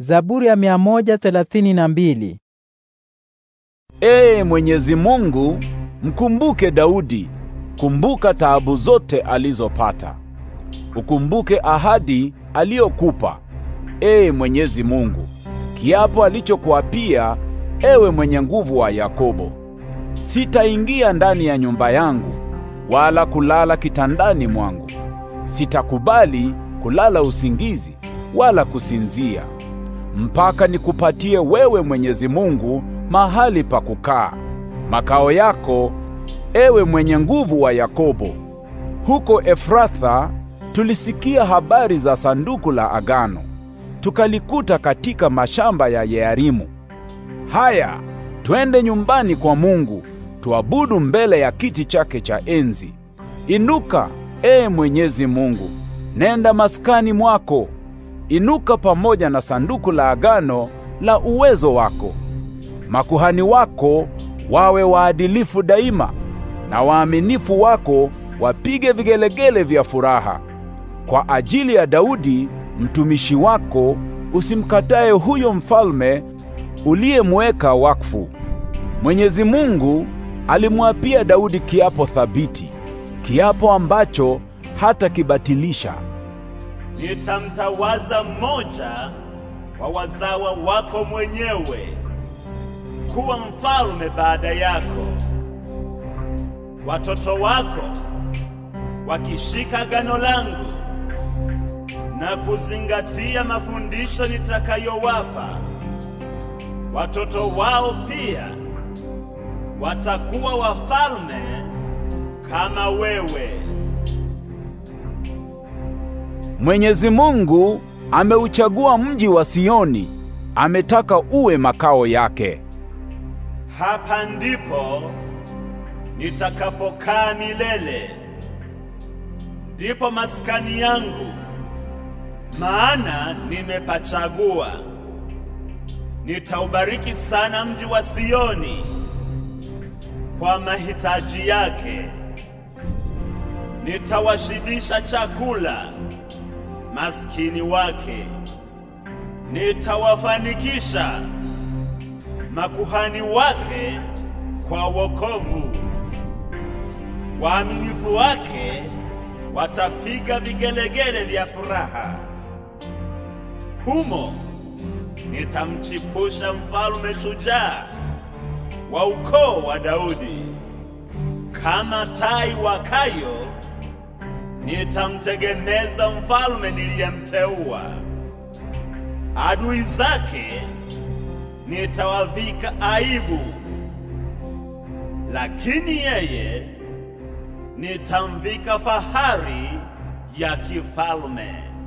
Zaburi ya 132. Ee Mwenyezi Mungu, mkumbuke Daudi, kumbuka taabu zote alizopata. Ukumbuke ahadi aliyokupa, Ee Mwenyezi Mungu, kiapo alichokuapia, ewe mwenye nguvu wa Yakobo. Sitaingia ndani ya nyumba yangu, wala kulala kitandani mwangu. Sitakubali kulala usingizi wala kusinzia mpaka nikupatie wewe Mwenyezi Mungu mahali pa kukaa, makao yako, ewe mwenye nguvu wa Yakobo. Huko Efratha tulisikia habari za sanduku la agano, tukalikuta katika mashamba ya Yearimu. Haya, twende nyumbani kwa Mungu, tuabudu mbele ya kiti chake cha enzi. Inuka, ee Mwenyezi Mungu, nenda maskani mwako inuka pamoja na sanduku la agano la uwezo wako. Makuhani wako wawe waadilifu daima, na waaminifu wako wapige vigelegele vya furaha. Kwa ajili ya Daudi mtumishi wako, usimkatae huyo mfalme uliyemweka wakfu. Mwenyezi Mungu alimwapia Daudi kiapo thabiti, kiapo ambacho hatakibatilisha nitamtawaza mmoja wa wazawa wako mwenyewe kuwa mfalme baada yako. Watoto wako wakishika gano langu na kuzingatia mafundisho nitakayowapa, watoto wao pia watakuwa wafalme kama wewe. Mwenyezi Mungu ameuchagua mji wa Sioni, ametaka uwe makao yake. Hapa ndipo nitakapokaa milele, ndipo maskani yangu, maana nimepachagua. Nitaubariki sana mji wa Sioni kwa mahitaji yake, nitawashibisha chakula maskini wake. Nitawafanikisha makuhani wake kwa wokovu, waaminifu wake watapiga vigelegele vya furaha. Humo nitamchipusha mfalme shujaa wa ukoo wa Daudi, kama tai wakayo nitamtegemeza mfalme niliyemteua. Adui zake nitawavika aibu, lakini yeye nitamvika fahari ya kifalme.